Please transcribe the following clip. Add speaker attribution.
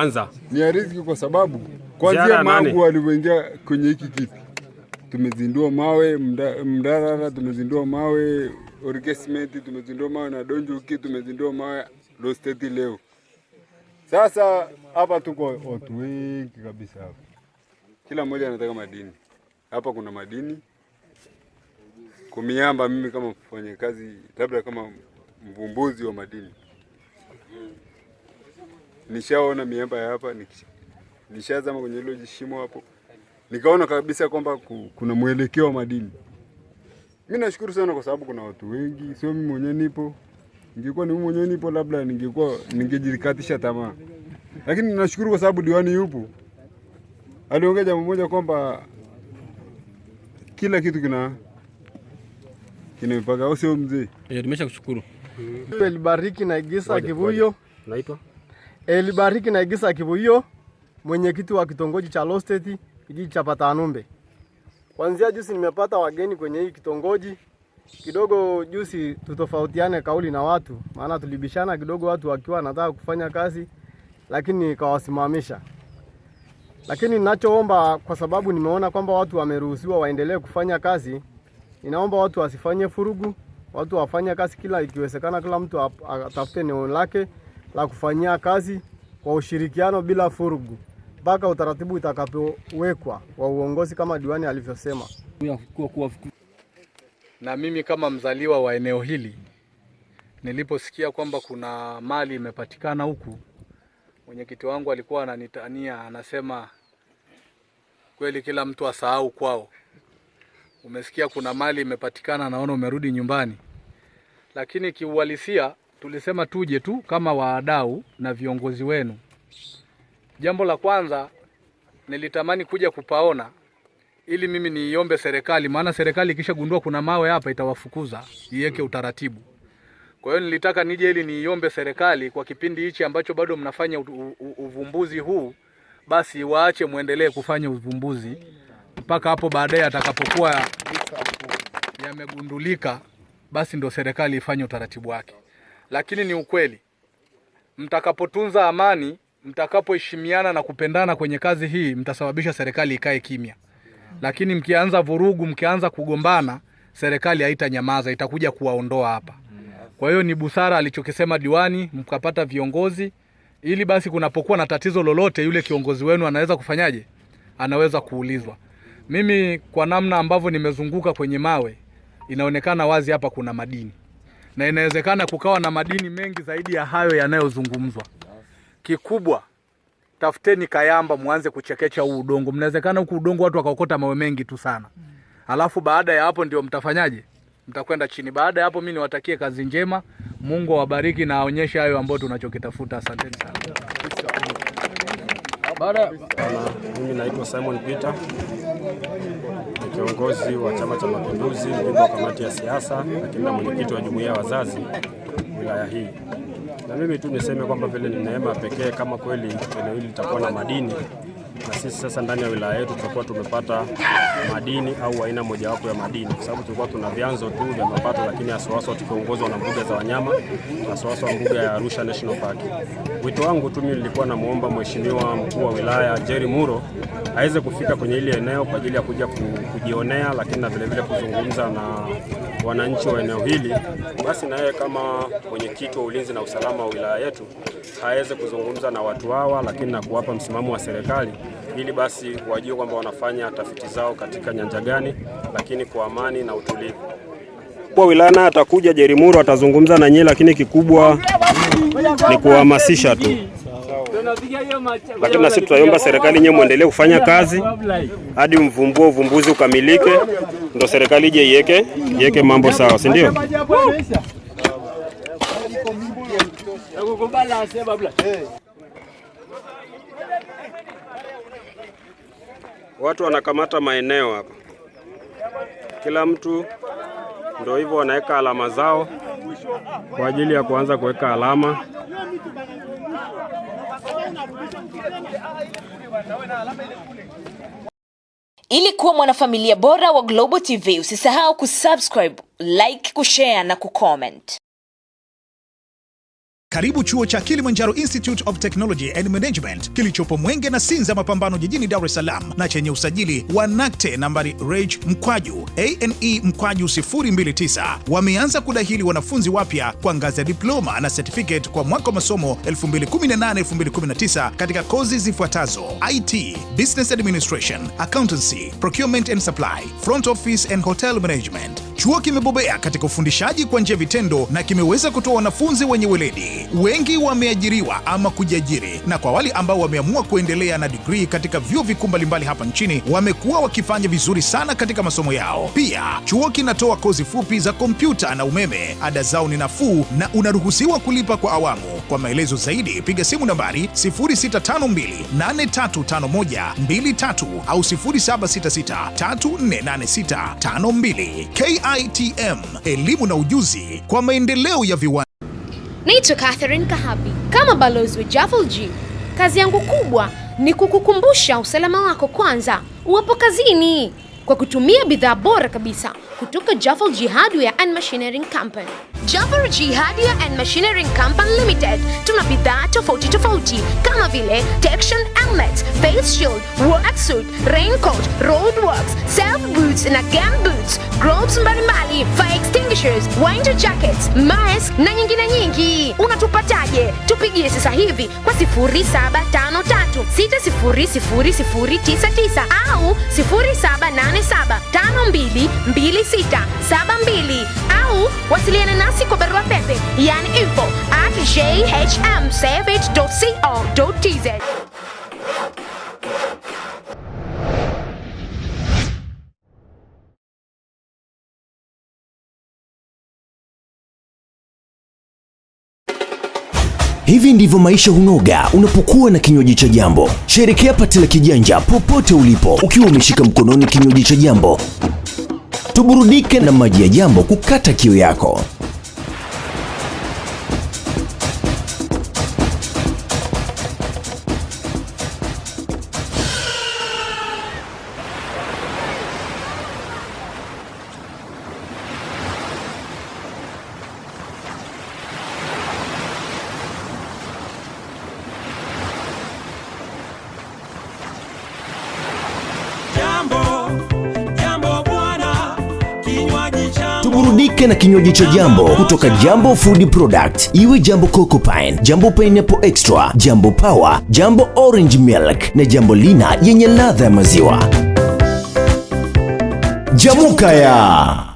Speaker 1: Anza. Ni riziki kwa sababu kwanza Mangu alivyoingia kwenye hiki kiti tumezindua mawe mdarara tumezindua mawe Orgesmenti, tumezindua mawe na Donjuki, tumezindua mawe Losteti leo. Sasa hapa tuko watu wengi kabisa hapa, kila mmoja anataka madini hapa. Kuna madini kumiamba, mimi kama mfanyakazi, labda kama mvumbuzi wa madini nishaona miamba ya hapa, nishazama kwenye hilo jishimo hapo, nikaona kabisa kwamba kuna mwelekeo wa madini. Mi nashukuru sana kwa sababu kuna watu wengi, sio mimi mwenyewe nipo. Ningekuwa ni mimi mwenyewe nipo, labda ningekuwa ningejikatisha tamaa, lakini nashukuru kwa sababu diwani yupo. Aliongea jambo moja kwamba kila kitu kina kina mipaka, au sio mzee?
Speaker 2: Eh, Nimesha kushukuru.
Speaker 3: Bariki na Igisa Kivuyo. Naitwa Elibariki na Naigisa Kibuyo, mwenyekiti wa kitongoji cha Losteti, kijiji cha Patanumbe. Kwanzia juzi nimepata wageni kwenye hii kitongoji kidogo. Juzi tutofautiane kauli na watu, maana tulibishana kidogo, watu wakiwa wanataka kufanya kazi, lakini kawasimamisha. Lakini ninachoomba kwa sababu nimeona kwamba watu wameruhusiwa waendelee kufanya kazi, ninaomba watu wasifanye furugu, watu wafanye kazi kila ikiwezekana, kila mtu atafute eneo lake la kufanyia kazi kwa ushirikiano bila furugu mpaka utaratibu utakapowekwa wa uongozi kama diwani alivyosema. Na mimi kama mzaliwa wa eneo hili niliposikia kwamba kuna mali imepatikana huku, mwenyekiti wangu alikuwa ananitania, anasema kweli kila mtu asahau kwao. Umesikia kuna mali imepatikana, naona umerudi nyumbani, lakini kiuhalisia tulisema tuje tu kama waadau na viongozi wenu. Jambo la kwanza nilitamani kuja kupaona ili mimi niiombe serikali, maana serikali ikishagundua kuna mawe hapa itawafukuza, iweke utaratibu. Kwa hiyo nilitaka nije ili niiombe serikali kwa kipindi hichi ambacho bado mnafanya uvumbuzi huu, basi waache muendelee kufanya uvumbuzi mpaka hapo baadaye atakapokuwa yamegundulika, basi ndo serikali ifanye utaratibu wake lakini ni ukweli. Mtakapotunza amani, mtakapoheshimiana na kupendana kwenye kazi hii, mtasababisha serikali ikae kimya, lakini mkianza vurugu, mkianza kugombana, serikali haitanyamaza, itakuja kuwaondoa hapa. Kwa hiyo ni busara alichokisema diwani, mkapata viongozi ili basi kunapokuwa na tatizo lolote, yule kiongozi wenu anaweza kufanyaje? Anaweza kuulizwa. Mimi kwa namna ambavyo nimezunguka kwenye mawe, inaonekana wazi hapa kuna madini na inawezekana kukawa na madini mengi zaidi ya hayo yanayozungumzwa. Kikubwa tafuteni kayamba, mwanze kuchekecha huu udongo. Mnawezekana huku udongo watu wakaokota mawe mengi tu sana, alafu baada ya hapo ndio mtafanyaje? Mtakwenda chini. Baada ya hapo, mimi niwatakie kazi njema, Mungu awabariki na aonyeshe hayo ambayo tunachokitafuta. Asanteni sana.
Speaker 4: mimi naitwa Simon Peter kiongozi wa Chama cha Mapinduzi, mjumbe wa kamati ya siasa, lakini na mwenyekiti wa jumuiya ya wazazi wilaya hii. Na mimi tu niseme kwamba vile ni neema pekee kama kweli eneo hili litakuwa na madini na sisi sasa ndani ya wilaya yetu tutakuwa tumepata madini au aina mojawapo ya madini, kwa sababu tulikuwa tuna vyanzo tu vya mapato, lakini haswahaswa tukiongozwa na mbuga za wanyama, haswahaswa mbuga ya Arusha National Park. Wito wangu tu mimi nilikuwa namwomba mheshimiwa mkuu wa wilaya Jerry Muro aweze kufika kwenye ile eneo kwa ajili ya kuja kujionea, lakini na vilevile kuzungumza na wananchi wa eneo hili, basi yeye kama mwenyekiti wa ulinzi na usalama wa wilaya yetu aweze kuzungumza na watu hawa, lakini na kuwapa msimamo wa serikali ili basi wajue kwamba wanafanya tafiti zao katika nyanja gani, lakini kwa amani na utulivu. Kwa wilaya naye atakuja Jerimuru, atazungumza na nyie, lakini kikubwa ni kuhamasisha tu lakini nasi tutaomba serikali nye muendelee kufanya kazi hadi mvumbuo uvumbuzi ukamilike, ndo serikali ije iweke iweke mambo sawa, si ndio? Watu wanakamata maeneo hapa, kila mtu ndo hivyo wanaweka alama zao kwa ajili ya kuanza kuweka alama.
Speaker 5: Ili kuwa mwanafamilia bora wa Global TV, usisahau kusubscribe, like, kushare na kucomment. Karibu chuo cha Kilimanjaro Institute of Technology and Management kilichopo Mwenge na Sinza Mapambano jijini Dar es Salaam na chenye usajili wa NACTE nambari REG mkwaju ane mkwaju 029 wameanza kudahili wanafunzi wapya kwa ngazi ya diploma na certificate kwa mwaka wa masomo 2018-2019 katika kozi zifuatazo: IT, Business Administration, Accountancy, Procurement and Supply, Front Office and Hotel Management Chuo kimebobea katika ufundishaji kwa njia vitendo na kimeweza kutoa wanafunzi wenye weledi. Wengi wameajiriwa ama kujiajiri, na kwa wale ambao wameamua kuendelea na digrii katika vyuo vikuu mbalimbali hapa nchini wamekuwa wakifanya vizuri sana katika masomo yao. Pia chuo kinatoa kozi fupi za kompyuta na umeme. Ada zao ni nafuu na unaruhusiwa kulipa kwa awamu. Kwa maelezo zaidi piga simu nambari 0652835123 au 0766348652. KITM, elimu na ujuzi kwa maendeleo ya viwanda. Naitwa Catherine Kahabi kama balozi wa Jaffel G. Kazi yangu kubwa ni kukukumbusha usalama wako kwanza uwapo kazini kwa kutumia bidhaa bora kabisa kutoka Jaffel G Hardware and Machinery Company. Jafar Jihadia and Machinery Company Limited tuna bidhaa tofauti tofauti kama vile Texan helmets, face shield, work suit, raincoat, road works, self boots na gum boots, gloves mbalimbali, fire extinguishers, winter jackets, mask na nyingine nyingi. Unatupataje? Tupigie sasa hivi kwa 0753600099 au 0787522672 wasiliana nasi kwa barua pepe yani info at jhmsavage.co.tz. Hivi ndivyo maisha hunoga unapokuwa na kinywaji cha Jambo. Sherekea pati la kijanja popote ulipo ukiwa umeshika mkononi kinywaji cha Jambo tuburudike na maji ya jambo kukata kiu yako. Jipike na kinywaji cha Jambo kutoka Jambo Food Product, iwe Jambo Coco Pine, Jambo Pineapple Extra, Jambo Power, Jambo Orange Milk na Jambo Lina yenye ladha ya maziwa. Jamuka ya